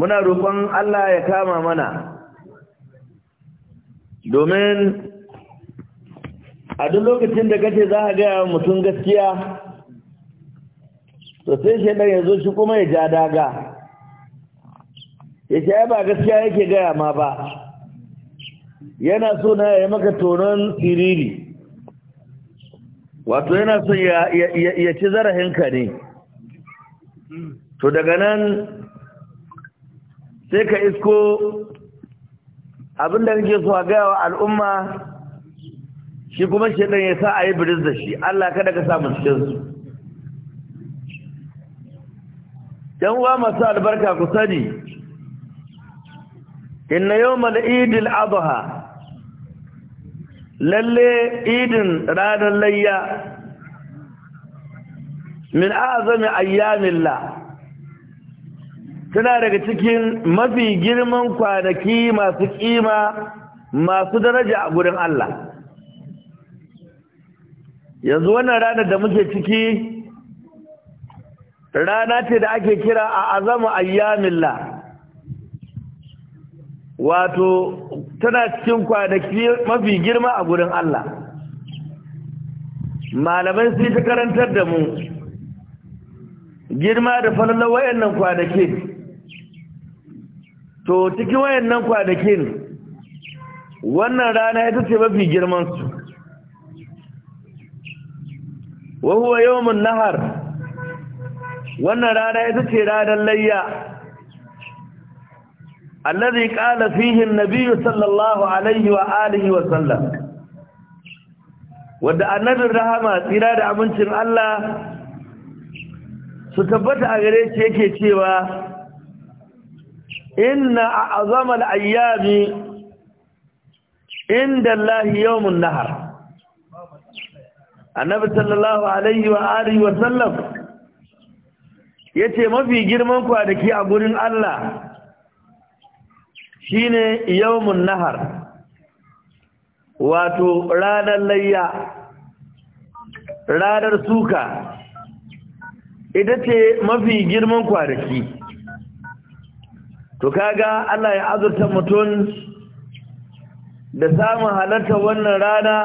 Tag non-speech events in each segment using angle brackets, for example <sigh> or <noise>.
muna roƙon Allah ya kama mana domin a duk lokacin da kace za a gaya mutum gaskiya to sai shi ya yanzu shi kuma ya ja daga ya ce ba gaskiya yake gaya ma ba yana so na ya maka tonon siriri wato yana so ya ci zarahinka ne to daga nan sai ka isko abinda nake so a gaya wa al'umma shi kuma shedan ya sa a yi biris da shi Allah kada ka samu cikin su yan uwa masu albarka ku sani inna yawmal idil adha lalle idin ranar layya min azami Allah tana daga cikin mafi girman kwanaki masu kima masu daraja a gurin Allah yanzu wannan ranar da muke ciki rana ce da ake kira a azama ayyamillah wato tana cikin kwanaki mafi girma a gurin Allah malamai sun ta karantar da mu girma da falalar wayannan kwanaki to wayan nan kwanakin wannan rana ita ce mafi girman su wa huwa yawmun nahar wannan rana ita ce ranar layya allazi kala fihi an sallallahu alaihi wa alihi wa sallam wanda annabin rahama tsira da amincin Allah su tabbata a gare shi yake cewa inna a azamar ayyami inda Allah yawmun nahar annabi sallallahu alaihi wa alihi wa sallam yace mafi girman ke a gurin Allah shine yawmun nahar wato ranar layya ranar suka ita ce mafi girman kwanaki to kaga Allah ya azurta mutum da samun halarta wannan rana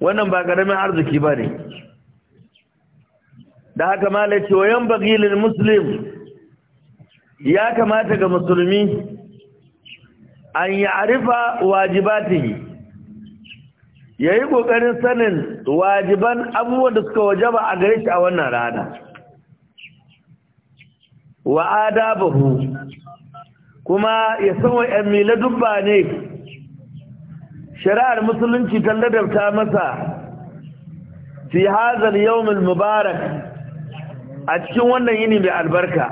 wannan ba ƙaramin arziki ba ne da haka malai ce wayan bagilin muslim ya kamata ga musulmi an yi arifa wajibatihi ya yi ƙoƙarin sanin wajiban abubuwan da suka wajaba a gare shi a wannan rana wa adabahu kuma ya san wa'yan mila dubba ne shari'ar musulunci ta ladabta masa fi hazal yawmin mubarak a cikin wannan yini mai albarka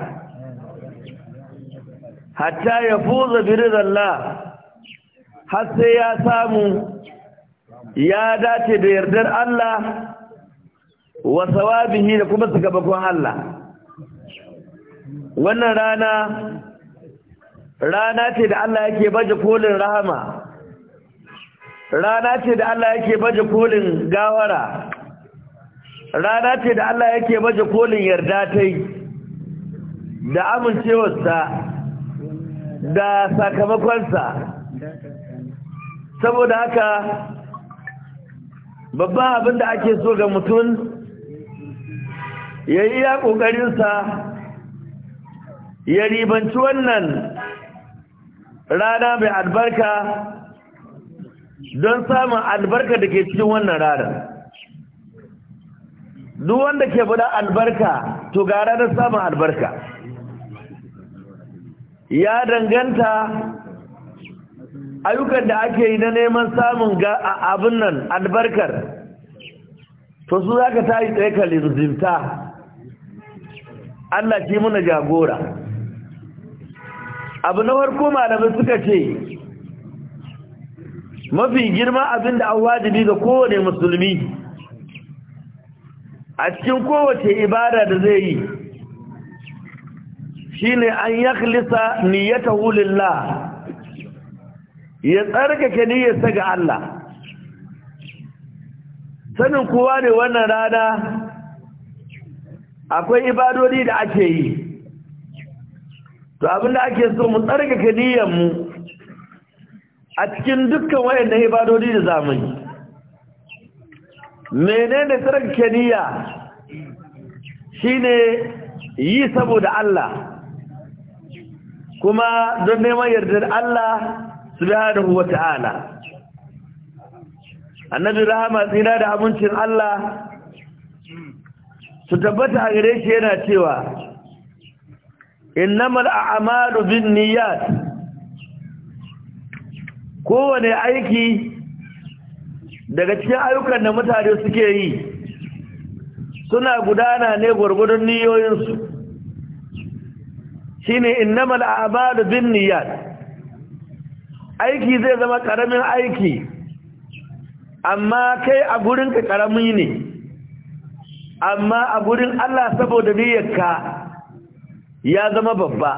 hatta ya fuza birizallah har sai ya samu ya dace da yardar Allah wa sawabihi da kuma kun Allah wannan rana rana ce da Allah yake baje kolin rahama rana ce da Allah yake baje kolin gawara rana ce da Allah yake baje kolin yarda tai da amincewarsa da sakamakonsa saboda haka babban abin da ake so ga mutum ya yi ya ƙoƙarinsa ya ribanci wannan rana mai albarka don samun albarka da ke cikin wannan rana duk wanda ke buɗa albarka to ga ranar samun albarka ya danganta ayyukan da ake yi na neman samun abin nan albarkar to su za ka yi tsaye ka zuzimta Allah ki muna jagora abu na farko malamai suka ce mafi girma abin da an wajibi ga kowane musulmi a cikin kowace ibada da zai yi Shi ne an yaklisa niyyata lillah ya tsarkake niyyarsa ga Allah sanin kowa ne wannan rana akwai ibadodi da ake yi to da ake so mu tsarka kadiyan mu a cikin dukkan wayannan ibadodi da zamani menene tsarkake shi shine yi saboda Allah kuma don neman yardar Allah subhanahu wata'ala annabi rahama tsira da abincin Allah su tabbata a gare shi yana cewa innamal a'malu binniyat kowane aiki daga cikin ayyukan da mutane suke yi suna gudana ne gwargwadon niyoyinsu shine innamal a'malu binniyat aiki zai zama karamin aiki amma kai a gurinka karami ne amma a gurin Allah saboda niyyarka ya zama babba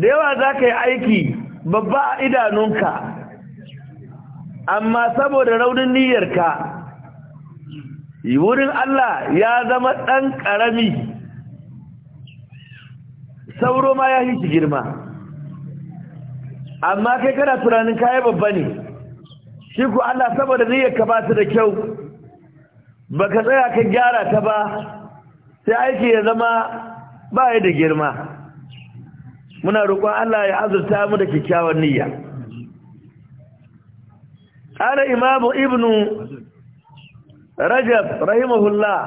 da yawa za ka yi aiki babba a idanunka amma saboda raunin niyyarka wurin Allah ya zama ɗan ƙarami sauro ma ya yi shi girma amma kai kana tunanin kayan babba ne shi ku Allah saboda niyyarka ba su da kyau Ba ka tsaya ka gyara ta ba sai aiki ya zama baya da girma muna roƙon Allah ya azurta mu da kyakkyawan niyya ana imamu ibnu rajab rahimahullah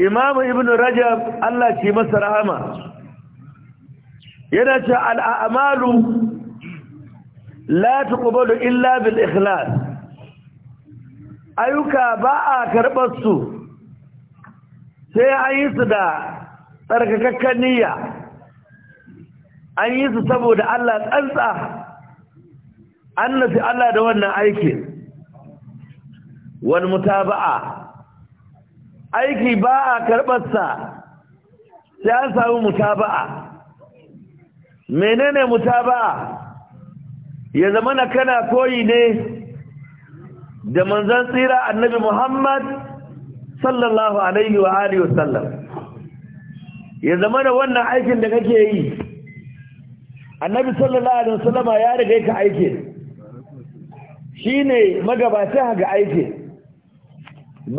imamu ibnu rajab Allah ki masa rahama yana ce al'amalu la tuqbalu illa bil ikhlas ayuka ba a karbar su sai an yi su da tsarkakakken niyya an yi su saboda Allah tsantsa an nufi Allah da wannan aikin wani mutaba'a aiki ba a karɓarsa sai an samu mutaba'a menene mutaba'a ya zama na kana koyi ne da manzan tsira annabi Muhammad sallallahu alaihi wa alihi wasallam ya zama da wannan aikin da kake yi annabi sallallahu alaihi wasallama ya riga ka aike shine magabata ga aike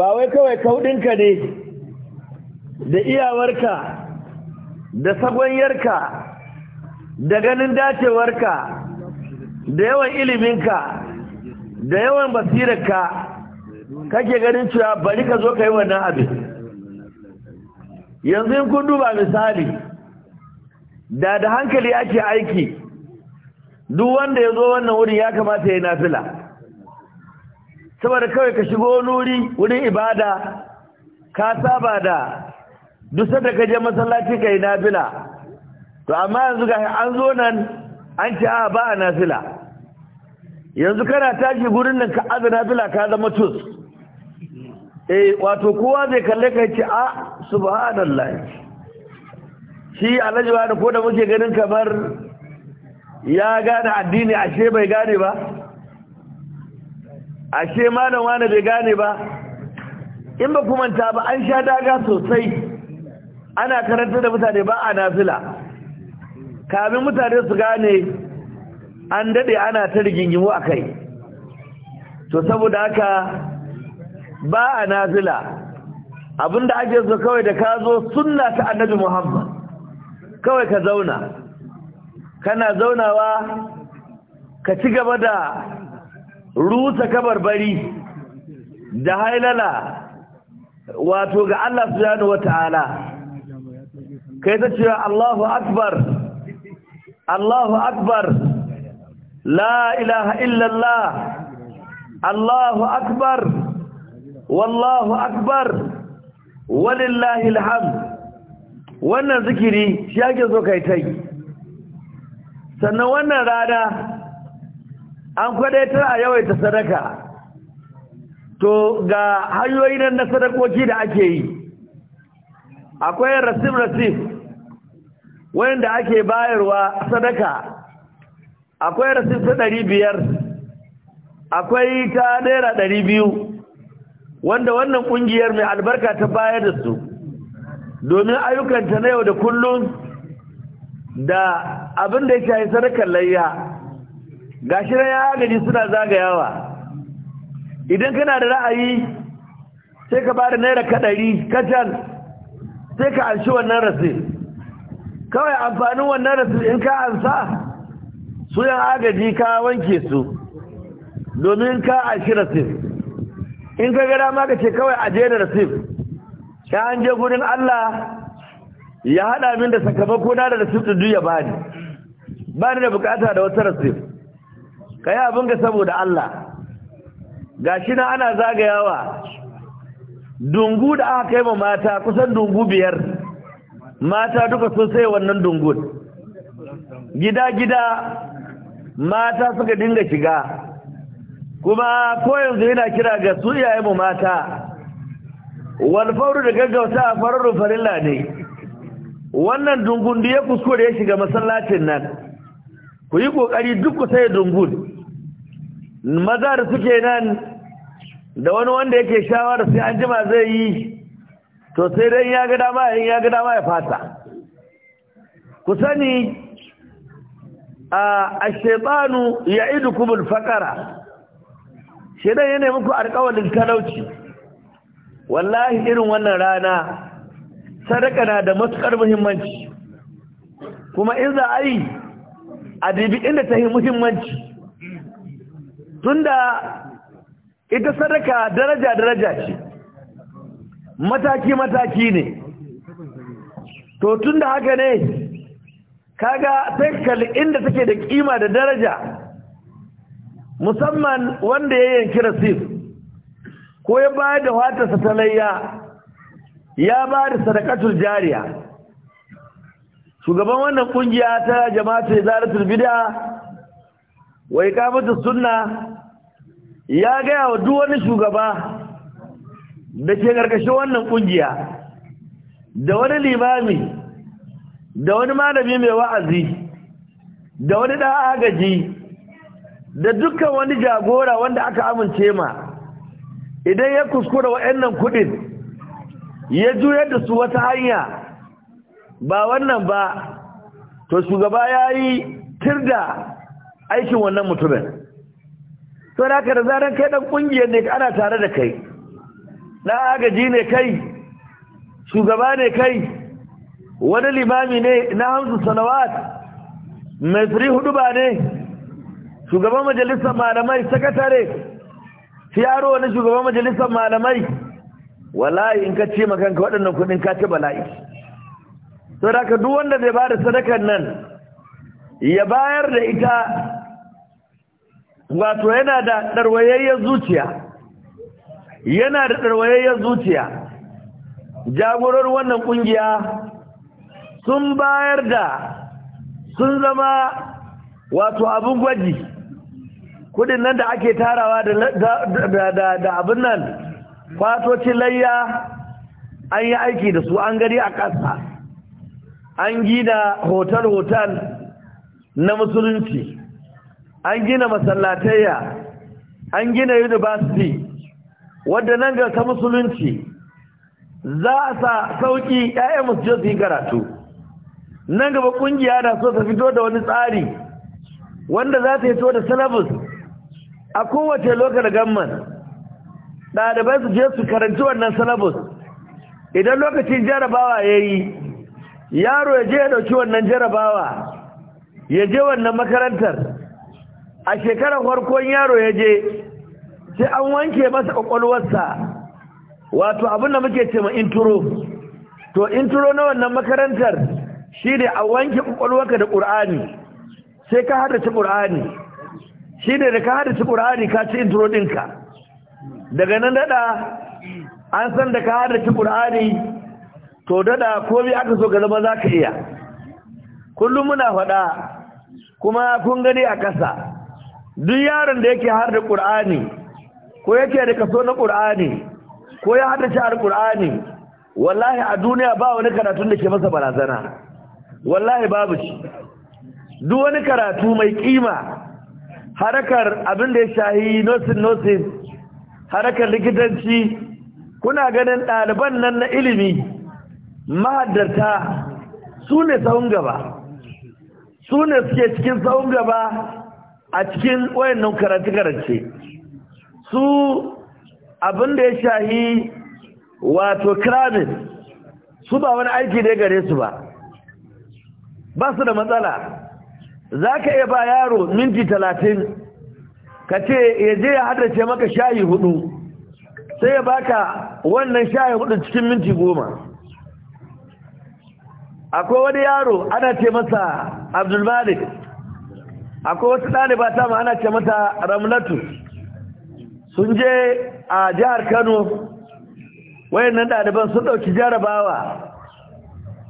ba wai kawai kaudinka ne da iyawarka da sagwayarka da ganin dacewarka da yawan iliminka da yawan basirarka kake ganin cewa bari ka zo ka yi wannan abin yanzu in kun duba misali da da hankali ake aiki duk wanda ya zo wannan wurin ya kamata ya yi saboda kawai ka shigo wani wurin ibada ka saba da dusar da ka je masallaci ka yi nafila to amma yanzu ga an zo nan an ce a ba a nafila yanzu kana tashi gurin nan ka aza nafila ka zama tus eh wato kowa zai kalle kai ce a ah, subhanallah shi alhaji wani ko da muke ganin kamar ya gane addini ashe bai gane ba ashe malam wani bai gane ba in ba kuma ta ba an sha daga sosai ana karanta da mutane ba a nafila kamin mutane su gane an dade ana ta rigingimu a kai to saboda haka ba a nazila abinda ake so kawai da ka zo suna ta annabi muhammad kawai ka zauna kana zaunawa ka ci gaba da rusa kabarbari da hailala wato ga Allah subhanahu wata'ala yi ta cewa Allahu akbar Allahu akbar la ilaha illallah Allahu akbar wallahu akbar walillahi alhamd wannan zikiri shi ake so kai tai sannan wannan rana an kwadaitar a yawaita sadaka to ga hanyoyi nan na sadakoki da ake yi akwai rasim rasif wanda ake bayarwa sadaka akwai rasim ta ɗari biyar akwai ta naira ɗari biyu wanda wannan kungiyar mai albarka ta bayar da su domin ayyukanta na yau da kullum da abin da ya shahi sadakar layya gashi na ya agaji suna zagayawa idan kana da ra'ayi sai ka bada naira kaɗari kacal sai ka anshi wannan rasil kawai amfanin wannan rasil in ka ansa su yan agaji ka wanke su domin ka anshi rasil in ka gara ma ka ce kawai a je da rasif Ya an je gurin Allah ya haɗa min da sakamako na da rasif da duya ba bani ba ni da bukata da wata rasif ka yi abin ka saboda Allah shi na ana zagayawa dungu da aka kai ma mata kusan dungu biyar mata duka sun sai wannan dungun gida-gida mata suka dinga shiga kuma ko yanzu yana kira ga su mu mata wal fawru da gaggauta a fararru farilla ne wannan dungun da ya kuskure ya shiga masallacin nan ku yi kokari duk ku sai dungun maza da suke nan da wani wanda yake shawara sai an jima zai yi to sai dai ya ga dama in ya ga dama ya fata ku sani a ashaitanu ya idu kumul fakara shedan ya nemi ku alƙawarin talauci wallahi irin wannan rana sadaka na da matukar muhimmanci kuma in za a yi a dibi inda ta yi muhimmanci tunda ita sadaka daraja-daraja ce mataki-mataki ne to tunda haka ne kaga sai kalli inda take da kima da daraja musamman wanda ya yanki rasif ko ya ba da watarsa ta layya ya ba da sadakatul jariya shugaban wannan kungiya ta jama'atu izaratul bid'a wa iqamatus sunna ya gaya wa duk wani shugaba da ke karkashin wannan kungiya da wani limami da wani malami mai wa'azi da wani ɗan agaji da dukkan wani jagora wanda aka amince ma idan ya kuskura waɗannan kuɗin ya juyar da su wata hanya ba wannan ba to shugaba ya yi tirda aikin wannan mutumin to da haka da zaran kai ɗan ƙungiyar ne ana tare da kai na agaji ne kai shugaba ne kai wani limami ne na hamsu salawat mai hudu ba ne shugaban majalisar malamai sakatare yaro na shugaban majalisar malamai wallahi in ka ce makanka waɗannan kuɗin ka ci bala'i sadaka duk wanda bai ba da sadakar nan ya bayar da ita wato yana da ɗarwayayyar zuciya yana da ɗarwayayyar zuciya jagorar wannan ƙungiya sun bayar da sun zama wato abin gwaji kudin nan da ake tarawa da abin nan kwatoci layya an yi aiki da su an gari a ƙasa an gina hotel-hotel na musulunci an gina masallatayya an gina university wadda nan ga ta musulunci za a sa sauƙi 'ya'yan musulunci su yi karatu nan gaba ƙungiya na so ta fito da wani tsari wanda za ta yi to da syllabus a kowace lokacin gamman ɗalibai su je su karanci wannan syllabus idan lokacin jarabawa ya yi yaro ya je ya ɗauki wannan jarabawa ya je wannan makarantar a shekarar farkon yaro ya je sai an wanke masa ƙwaƙwalwarsa wato abin da muke ce ma inturo to inturo na wannan makarantar shi ne a wanke ƙwaƙwalwarka da ƙur'ani sai ka haddace ƙur'ani shi ne da ka hadisi ƙur'ani ka ci intro ɗinka daga nan daɗa an san da ka hadisi ƙur'ani to daɗa bi aka so ga zama za ka iya kullum muna faɗa kuma kun gani a ƙasa duk yaron da yake hada da ko yake da kaso na kur'ani ko ya hada shi a ƙur'ani wallahi a duniya ba wani karatun da ke masa barazana wallahi babu shi duk wani karatu mai kima harakar abin da ya shahi nosin nosin harakar likitanci kuna ganin ɗaliban nan na ilimi mahaddarta su ne sahun gaba su ne suke cikin sahun gaba a cikin wayannan karanci-karanci su abin da ya shahi wato kramin su ba wani aiki ne gare su ba ba su da matsala za ka iya ba yaro minti talatin ka ce ya je ya haddace maka shayi hudu sai ya baka wannan shayi hudu cikin minti goma akwai wani yaro ana ce masa abdulmalik akwai wasu ɗaliba ta ma ana ce masa ramlatu sun je a jihar kano wayannan ɗaliban sun ɗauki jarabawa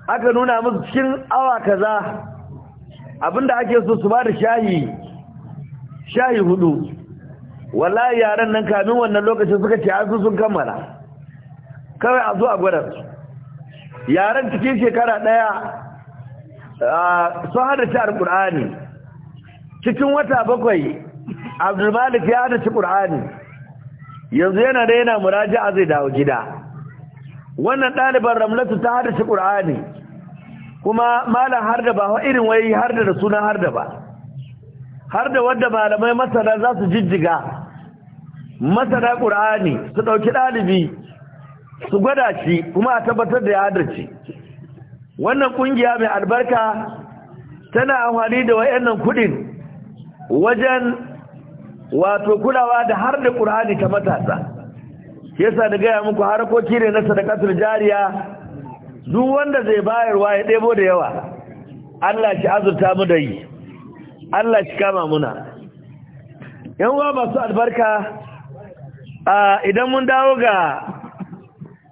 aka nuna musu cikin awa kaza Abin da ake so su ba da shayi shayi hudu wallahi yaran nan kamin wannan lokacin suka ce azu sun kammala kawai a zo a gwada su yaran cikin shekara daya sun hada shi alkur'ani cikin wata bakwai abdulmalik ya hada shi qur'ani yanzu yana da yana a zai dawo gida wannan ɗaliban ramlatu ta hada shi qur'ani kuma malam har da ba irin wai har da sunan har da ba har da wadda malamai masana za su jijjiga masana ƙur'ani su ɗauki ɗalibi su gwada shi kuma a tabbatar da ya hadarci wannan ƙungiya mai albarka tana amfani da wayannan kuɗin wajen wato kulawa da har da ƙur'ani ta matasa yasa da gaya muku harkoki ne na sadakatar jariya duk wanda zai bayarwa ya ɗebo da yawa Allah shi azurta mu da yi Allah shi kama muna yan uwa masu albarka idan mun dawo ga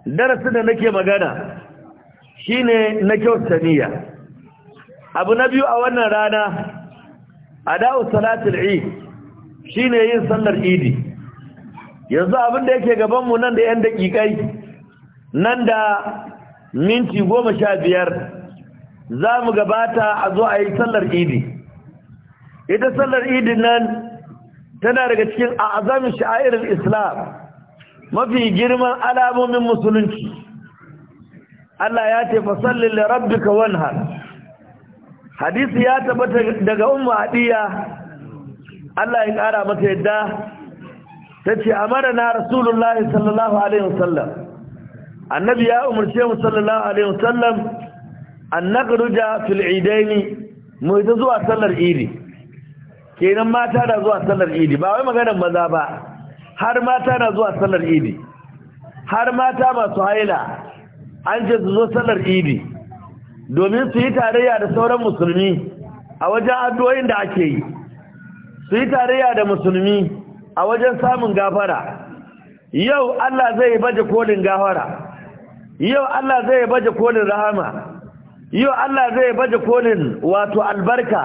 darasin da nake magana shine na kyauta niyya abu na biyu a wannan rana ada'u salatul eid shine yin sallar idi yanzu abin da yake gaban mu nan da yan daƙiƙai, nan da minti goma sha biyar za mu gabata a zo a yi sallar idi ita sallar idi nan tana daga cikin a azamin sha'irar islam mafi girman alamomin musulunci Allah ya ce fasallin rabbika wanhar hadisi ya tabbata daga umma adiya Allah ya kara mata yadda tace amara na rasulullahi sallallahu alaihi wasallam annabi ya umarce mu sallallahu alaihi wasallam an nagruja fil idaini mu ita zuwa sallar idi kenan mata na zuwa sallar idi ba wai maganar maza ba har mata na zuwa sallar idi har mata masu haila an ce su sallar idi domin su yi tarayya da sauran musulmi a wajen addu'o'in da ake yi su yi tarayya da musulmi a wajen samun gafara yau Allah zai baje kolin gafara yau Allah zai baje kolin rahama yau Allah zai baje kolin wato albarka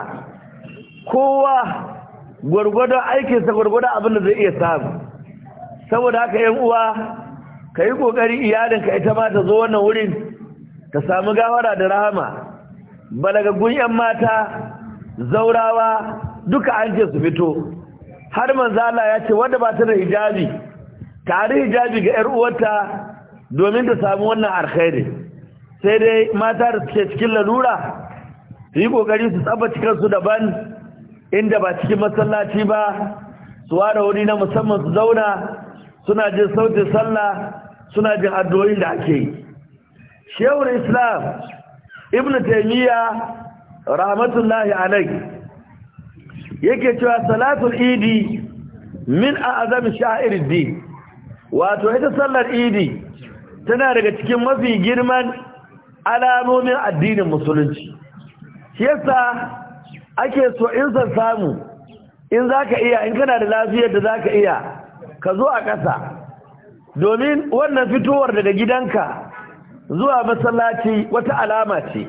kowa gwargwado aikinsa gwargwado abin da zai iya samu saboda haka yan uwa ka yi ƙoƙari iyalinka ita ma ta zo wannan wurin ka samu gawara da rahama gun yan mata zaurawa duka an ce su fito har manzala ya ce wanda ba ta da hijabi tari hijabi ga 'yar uwarta domin ta samu wannan alkhairi sai dai mata da suke cikin lalura yi kokari su tsaba cikinsu daban inda ba cikin masallaci ba su ware wuri na musamman su zauna suna jin sautin sallah suna jin addu'o'in da ake yi shehun islam ibnu Taymiya rahmatullahi alayhi yake cewa salatul idi min a azami sha'irin wato ita sallar idi tana daga cikin mafi girman alamomin addinin musulunci shi yasa ake so in san samu in zaka iya in kana da lafiyar da za ka iya ka zo a ƙasa domin wannan fitowar daga gidanka zuwa masallaci wata alama ce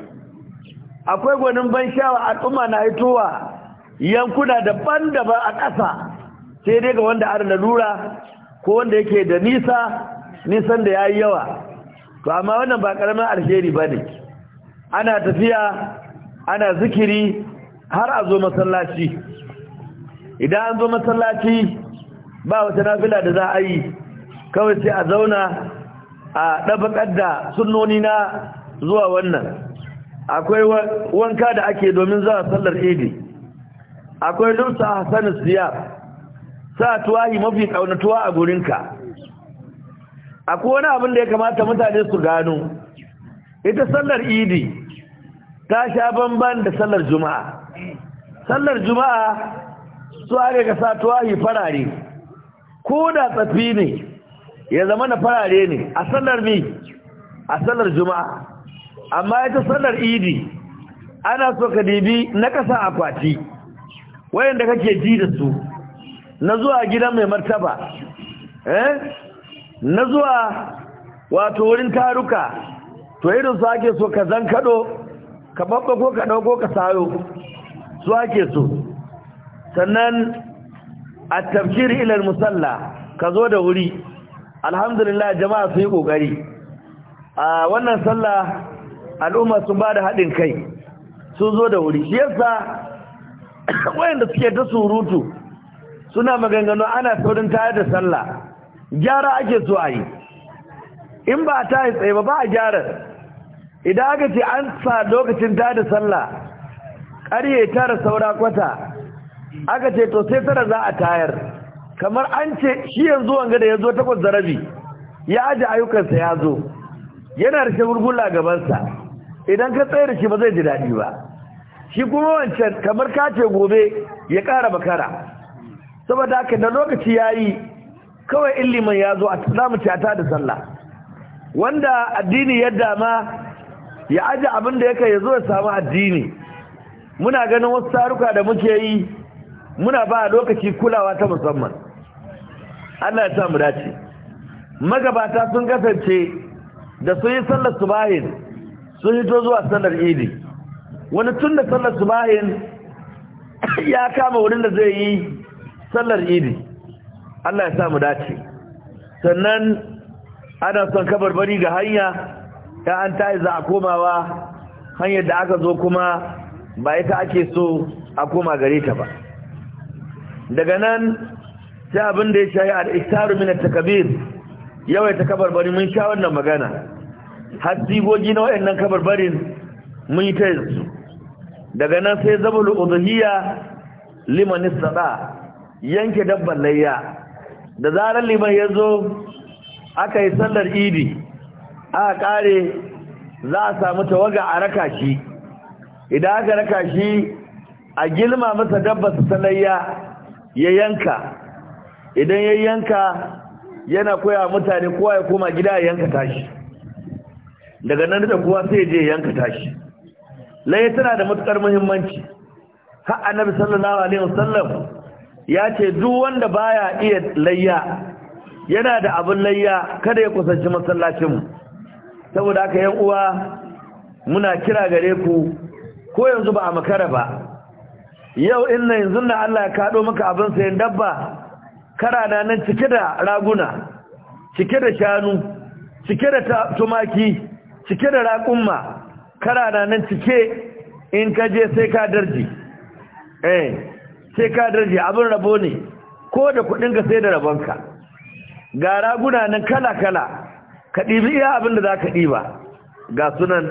akwai gwanin ban sha'awa al'umma na hitowa yankuna daban-daban a ƙasa sai dai ga wanda an lura ko wanda yake da nisa nisan da ya yi yawa to amma wannan ba ƙaramin alheri ba ne ana tafiya ana zikiri har a zo masallaci idan an zo masallaci ba wata nafila da za a yi kawai sai a zauna a ɗabakar da sunnoni na zuwa wannan akwai wanka da ake domin zuwa sallar idi akwai lursa hassan siyar sa tuwahi mafi ƙaunatuwa a gurinka akwai wani abin da ya kamata mutane su gano ita sallar idi ta sha bamban da sallar juma'a sallar juma'a su haɗe ga satuwa yi farare ko da tsafi ne ya zama na farare ne a sallar mi a sallar juma'a amma ita sallar idi ana so ka dibi na kasa akwati wayanda kake ji da su na zuwa gidan mai martaba eh na zuwa wato wurin taruka to irin su ake so ka zan kado ka babba ko ka ɗauko ka sayo su ake so sannan a tafkir ilar musalla ka zo da wuri alhamdulillah jama'a su yi ƙoƙari a wannan sallah al'umma sun ba da haɗin kai sun zo da wuri shi yasa <coughs> wayanda suke ta surutu suna maganganu ana saurin tayar da sallah gyara ake so a yi in ba ta yi tsaye ba ba a gyara idan aka ce an sa lokacin ta da sallah ƙarye tara saura kwata aka ce to sai tara za a tayar kamar an ce shi yanzu wanga da ya zo takwas da rabi ya aji ayyukansa ya zo yana da gurgula gabansa idan ka tsaye da shi ba zai ji daɗi ba shi kuma wancan kamar ka ce gobe ya ƙara bakara saboda haka da lokaci ya yi kawai in ya zo a tsamu tiyata da sallah wanda addini ya dama ya ajiye abin da yake ya zo ya samu addini muna ganin wasu taruka da muke yi muna ba lokaci kulawa ta musamman Allah ya sa mu dace magabata sun kasance da sun yi sallar subahin sun hito zuwa sallar idi wani tun da sallar subahin ya kama wurin da zai yi sallar idi Allah ya sa mu dace sannan ana son kabarbari ga hanya ta an ta za a komawa hanyar da aka zo kuma ba ita ake so a koma gare ta ba daga nan sai abin da ya shayi al-iktaru takabir yawai ta yawaita bari mun sha wannan magana har sigogi na wayannan kabarbarin mun yi ta yanzu daga nan sai zabul udhiya liman istada yanke dabban layya da zarar liman ya zo aka yi sallar idi aka kare za a samu tawaga a raka shi idan aka raka shi a gilma masa dabba su sanayya ya yanka idan ya yanka yana koya mutane kowa ya koma gida ya yanka tashi daga nan da kowa sai je yanka tashi laye tana da matukar muhimmanci har annabi sallallahu alaihi wasallam ya ce duk wanda baya iya layya yana da abin layya kada ya kusanci masallacinmu saboda haka yan uwa muna kira gare ku ko yanzu ba a makara ba yau inna yanzu na Allah ya kado maka abin sayan dabba na nan cike da raguna cike da shanu cike da tumaki cike da raƙumma na nan cike in ka je sai ka darji eh sai ka darje abin rabo ne ko da kuɗin ka sai da rabonka ga raguna nan kala kala ka ɗibi iya abin da za ka ɗiba ga sunan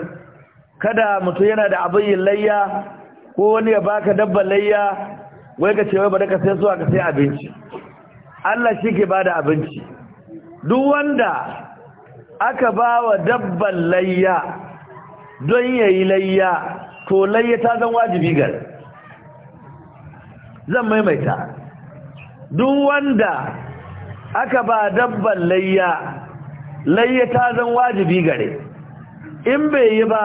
kada mutum yana da abin layya ko wani ya baka dabba layya wai ka ce wai bari ka sai zuwa ka sai abinci Allah shi ke bada abinci duk wanda aka ba wa dabban layya don yayi layya to layya ta zan wajibi gare zan maimaita duk wanda aka ba dabban layya layya ta zan wajibi gare in bai yi ba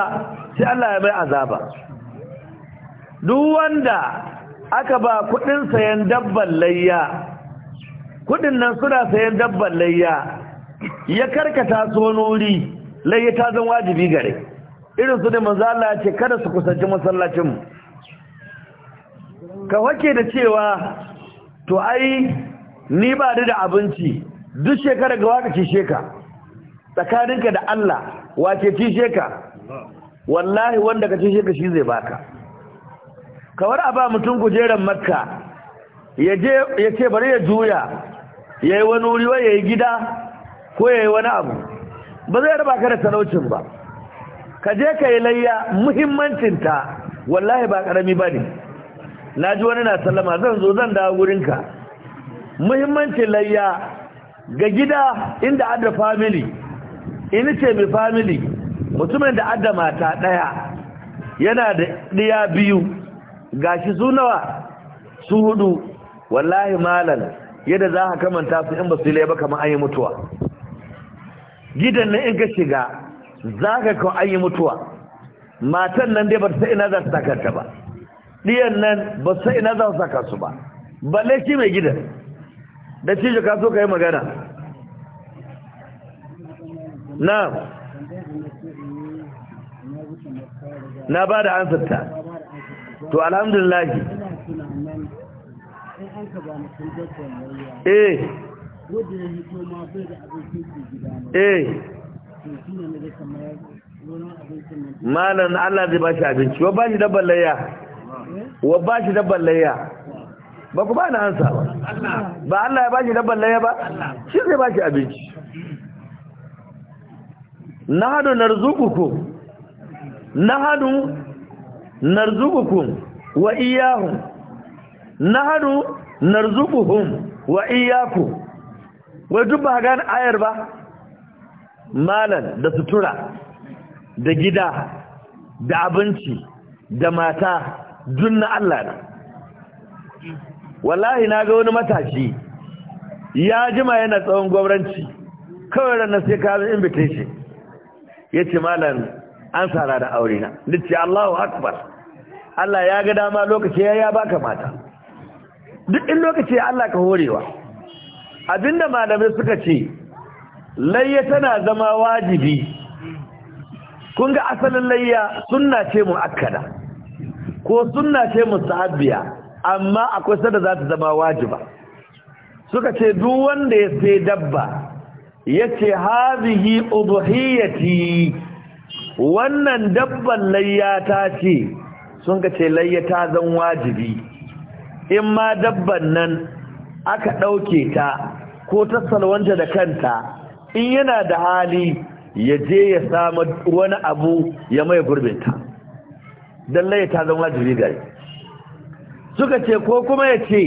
sai Allah ya mai azaba duk wanda aka ba kudin sayan dabban layya kudin nan suna sayan dabban layya ya karkata su wani wuri layya ta zan wajibi gare irin su ne manzo Allah ce kada su kusanci masallacin ka wake da cewa to ai ni ba da abinci duk shekara ga waka kishe ka tsakaninka da Allah wace kishe ka wallahi wanda ka kishe ka shi zai baka kawar a ba mutum kujeran makka ya ce bari ya juya ya yi wani wuri ya yi gida ko ya yi wani abu ba zai raba ka da talaucin ba ka je ka yi layya muhimmancinta wallahi ba karami ba na ji wani na sallama zan zo zan dawo gurinka muhimmanci layya ga gida inda adda family ini ce mai family mutumin da adda mata ɗaya yana da ɗiya biyu gashi su nawa su hudu wallahi malam yadda za ka kamanta su in ba su ba kamar an yi mutuwa gidan nan in ka shiga za ka kawo an yi mutuwa matan nan dai ba ta ina za ta takarta ba ɗiyan nan ba sai ina za su saka su ba Ba shi mai gidan da cije ka so ka yi magana na na ba da ansarta to alhamdulillah eh eh malan Allah zai ba shi abinci ba shi dabbar layya wa ba shi dabban layya ba ku ba na ansa ba ba Allah ya ba shi dabban layya ba shi zai ba shi abinci nahadu na nahadu narzuqukum wa na nahadu narzuquhum wa iyaku wai duk ba gane ayar ba malan da sutura da gida da abinci da mata Dun na Allah ne wallahi na ga wani matashi ya jima yana tsawon gwamnati kawai ranar sai ka zai invitation ya ce malam an sara da aure na nace Allahu akbar Allah ya ga dama lokaci ya ba baka mata duk in lokaci Allah ka horewa abinda malamai suka ce layya tana zama wajibi kun ga asalin layya sunna ce mu akada. ko sunna ce musta'abiya amma akwai sada za ta zama wajiba suka ce duk wanda ya sai dabba yace hazihi udhiyati wannan dabban layyata ce sun ka ce layya ta zan wajibi in ma dabban nan aka dauke ta ko ta salwanta da kanta in yana da hali ya je ya samu wani abu ya mai gurbinta don laye ta zama wajibi gari suka ce ko kuma ya ce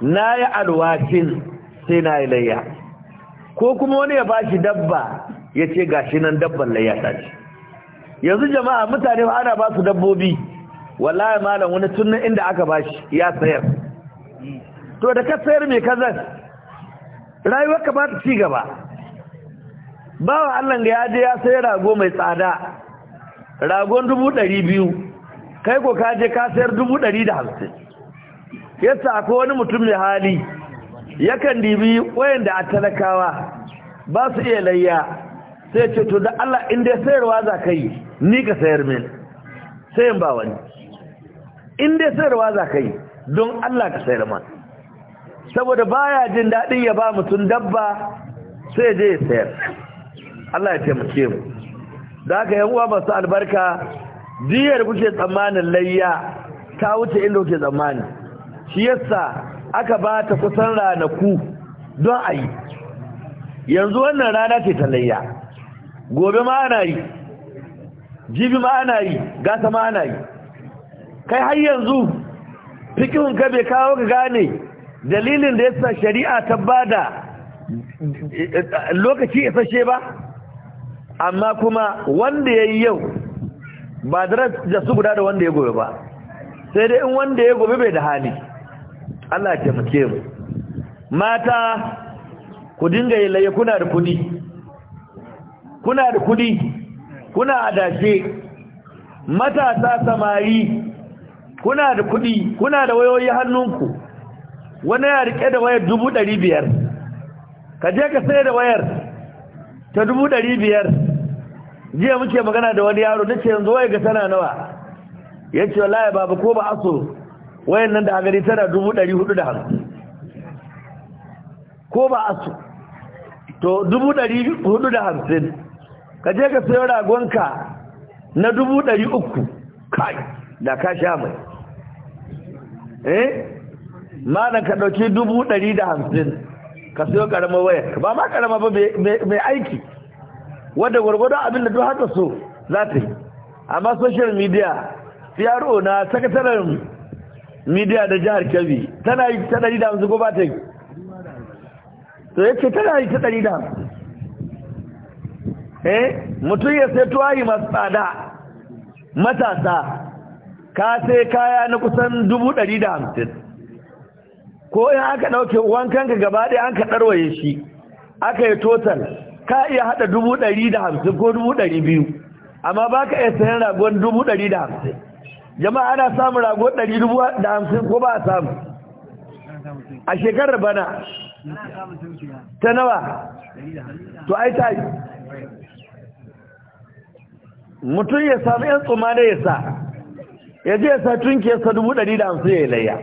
na yi alwacin sai na yi layya ko kuma wani ya ba shi dabba ya ce ga shi nan dabban layya ta ce yanzu jama'a mutane ana ba su dabbobi wallahi malam wani tunan inda aka ba shi ya sayar to da ka sayar mai kazan ka ba ta ci gaba bawa Allah ga ya je ya sayar rago mai tsada ragon dubu ɗari biyu kai ko ka je ka sayar dubu ɗari da hamsin yasa akwai wani mutum mai hali yakan dibi wayanda a talakawa ba su iya layya sai ce to da Allah inda ya sayarwa za ka yi ni ka sayar min sai in ba wani inda ya sayarwa za ka yi don Allah ka sayar ma saboda baya jin daɗin ya ba mutum dabba sai je ya sayar Allah ya taimake mu da haka yan uwa masu albarka diyar kuke tsammanin layya ta wuce inda kuke tsammani shi yasa aka ba ta kusan ranaku don a yi yanzu wannan rana ce ta layya gobe ma ana yi jibi ma ana yi gasa ma ana yi kai har yanzu fikin ka bai kawo ka gane dalilin da yasa shari'a ta bada lokaci isashe ba amma kuma wanda ya yi yau ba da su guda da wanda ya gobe ba sai dai in wanda ya gobe bai da hali Allah ya muke mu mata ku dinga yi kuna da kudi kuna da kudi kuna adashe matasa samari kuna da kudi kuna da wayoyi hannunku wani ya rike da wayar dubu ɗari biyar ka je ka sai da wayar ta dubu ɗari biyar jiya muke magana da wani yaro nace yanzu waye ga tana nawa yace wallahi baba ko ba aso wayan nan da agari tana dubu hudu da hamsin ko ba aso to dubu kaje hudu da hamsin ka je ka sayo ragonka na dubu uku kai da ka sha mai eh ma ka ɗauki dubu da hamsin ka sayo ƙaramar wayar ba ma ƙarama ba mai aiki wadda gwargwadon abin da duk haka so za ta yi amma social media cro na sakataren media da jihar kebbi tana yi ta ɗari da hamsin ko ba ta yi to ya ce tana yi ta ɗari da hamsin eh mutum ya sai tuwayi masu tsada matasa ka sai kaya na kusan dubu ɗari da hamsin ko in aka ɗauke ka gaba ɗaya an ka ɗarwaye shi aka yi total ka iya haɗa dubu ɗari da hamsin ko dubu ɗari biyu amma ba ka iya sayan ragon dubu ɗari da hamsin jama'a ana samun ragon ɗari dubu da hamsin ko ba a samu a shekarar bana ta nawa to ai ta mutum ya samu yan tsoma da ya sa ya je ya sa sa dubu ɗari da hamsin ya yi layya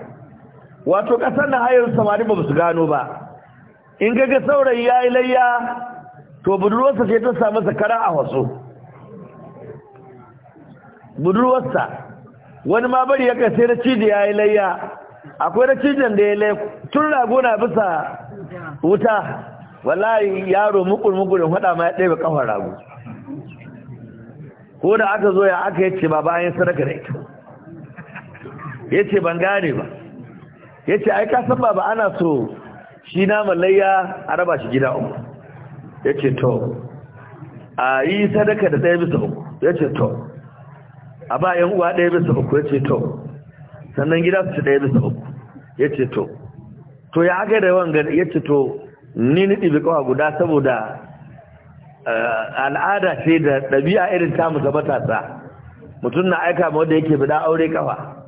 wato ƙasar na hayar samari ba su gano ba in gaga saurayi ya yi layya to budurwarsa sai ta samu sakara a wasu budurwarsa wani ma bari ya kai sai na cije ya yi layya akwai na cijen da ya lai tun rago na bisa wuta wallahi yaro mukul mukulin hada ma ya ɗaya kafar rago ko da aka zo ya aka yace ba bayan sadaka da ita yace ban gane ba yace ai ka san ba ana so shi na malayya a raba shi gida uku ya ce to a yi sadaka da ɗaya bisa uku ya ce to a ba yan uwa ɗaya bisa uku ya ce to sannan gida su ci ɗaya bisa uku ya ce to to ya aka da yawan gani ya ce to ni ni ɗibi kawa guda saboda al'ada ce da ɗabi'a irin tamu ta matasa mutum na aika ma wanda yake bida aure kawa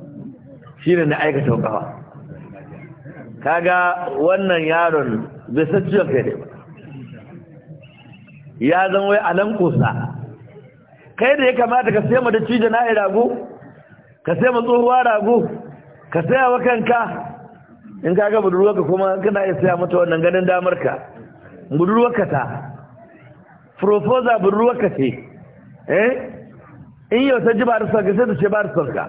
shi ne na aikata kawa kaga wannan yaron bai san ciwon kai ne ba ya zama wai nan kusa kai da ya kamata ka sai mata cije na rago ka sai ma tsohuwa rago ka saya wa kanka in ka ga budurwarka kuma kana iya saya mata wannan ganin damar ka budurwarka ta proposal budurwarka ce eh in yau ta ji ba da sonka sai ta ce ba da sonka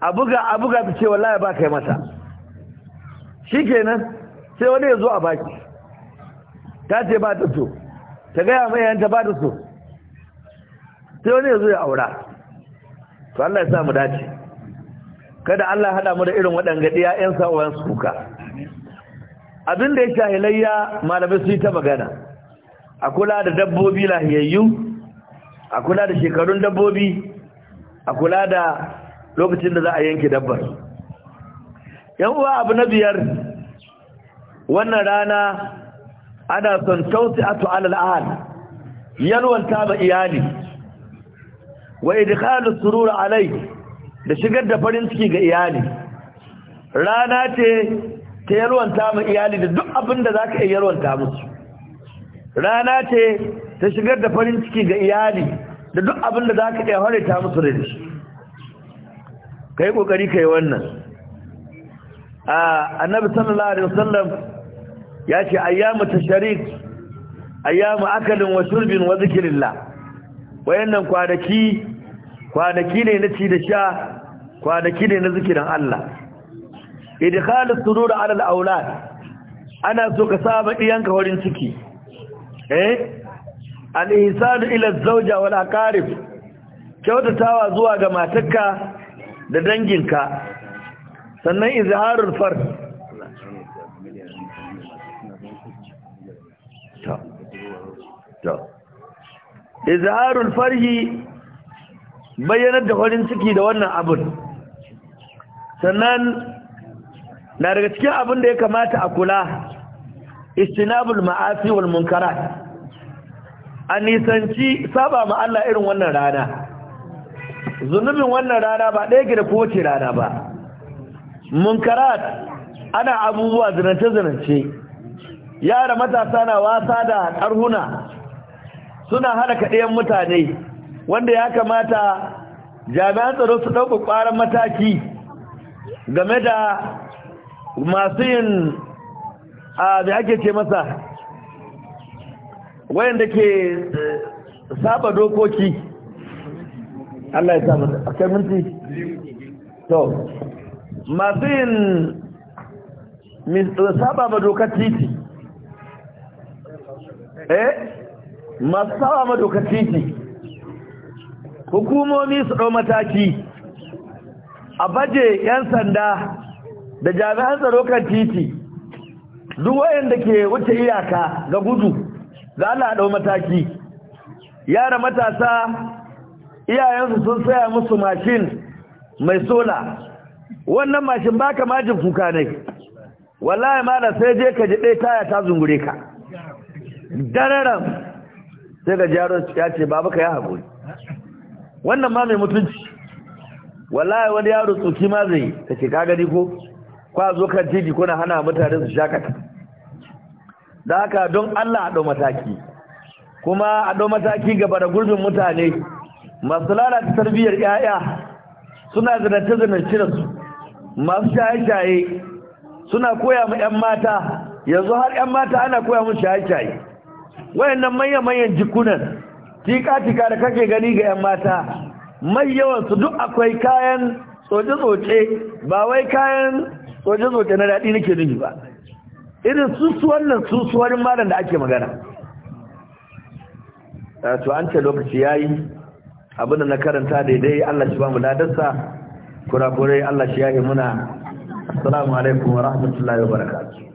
a buga a buga ta ce wallahi ba kai mata kenan sai wani ya zo a baki ta ce ba ta so ta gaya mai yanta ba da so sai wani ya zo ya aura to Allah ya sa mu dace kada Allah haɗa mu da irin waɗanga ɗiya ƴan sa'o'an suka abin da ya shahilayya malamai su ta magana a kula da dabbobi lahiyayyu a kula da shekarun dabbobi a kula da lokacin da za a yanke dabbar yan uwa abu na biyar wannan rana ana son tawsi'atu alal ahli yalwanta ba iyali wa idkhalu surur alai da shigar da farin ciki ga iyali rana ce ta yalwanta ma iyali da duk abin da zaka iya yalwanta musu rana ce ta shigar da farin ciki ga iyali da duk abin da zaka iya ta musu da shi kai kokari kai wannan a annabi sallallahu alaihi wasallam ya ce ayyamu tashrik ayyamu akalin wa shurbin wa zikrillah wayannan kwanaki kwanaki ne na ci da sha kwanaki ne na zikirin Allah idkhalus surur ala al-aulad ana so ka saba diyanka horin ciki eh al-ihsan ila az-zawja wal aqarib kyautatawa zuwa ga matarka da danginka sannan izharul fard izharul farhi bayyanar da farin ciki da wannan abin sannan na daga cikin abin da ya kamata a kula istinabul ma'asi wal munkarat a nisanci saba ma Allah irin wannan rana zunubin wannan rana ba ɗaya gida kowace rana ba munkarat ana abubuwa zinance-zinance yara matasa na wasa da ƙarhuna suna halaka ɗayan mutane wanda ya kamata jami'an tsaro su ɗauka ƙwarar mataki game da masu yin a da ake ce masa wayanda ke eh, saba dokoki Allah ya samu a kai minti to masu yin saba ma dokar titi eh masu sawa madaukar titi hukumomi su ɗau mataki a baje 'yan sanda da jami'an tsaro kan titi duk wayanda ke wuce iyaka ga gudu za a ɗau mataki yara matasa iyayensu sun saya musu mashin mai sola wannan mashin baka majin kuka ne wallahi ma da sai je ka ji ɗaya taya ta zungure ka dararan sai ga jaron ya ce babu ka ya haƙuri wannan ma mai mutunci wallahi wani yaro tsoki ma zai ta kagani gani ko kwa zo kan titi kuna hana mutane su shakata da haka don Allah a ɗau mataki kuma a ɗau mataki gaba da gurbin mutane masu lalata tarbiyyar 'ya'ya suna zinace-zinace da su masu shaye-shaye suna koya ma 'yan mata yanzu har 'yan mata ana koya mu shaye-shaye wayannan manya-manyan jikunan tika-tika da kake gani ga 'yan mata mai yawan su duk akwai kayan tsoce-tsoce ba wai kayan tsoce-tsoce na daɗi nake nufi ba irin susuwan nan susuwarin malam da ake magana to an ce lokaci ya yi abin da na karanta daidai Allah shi ba mu ladarsa kurakurai Allah shi ya yi muna assalamu alaikum wa rahmatullahi wa barakatuh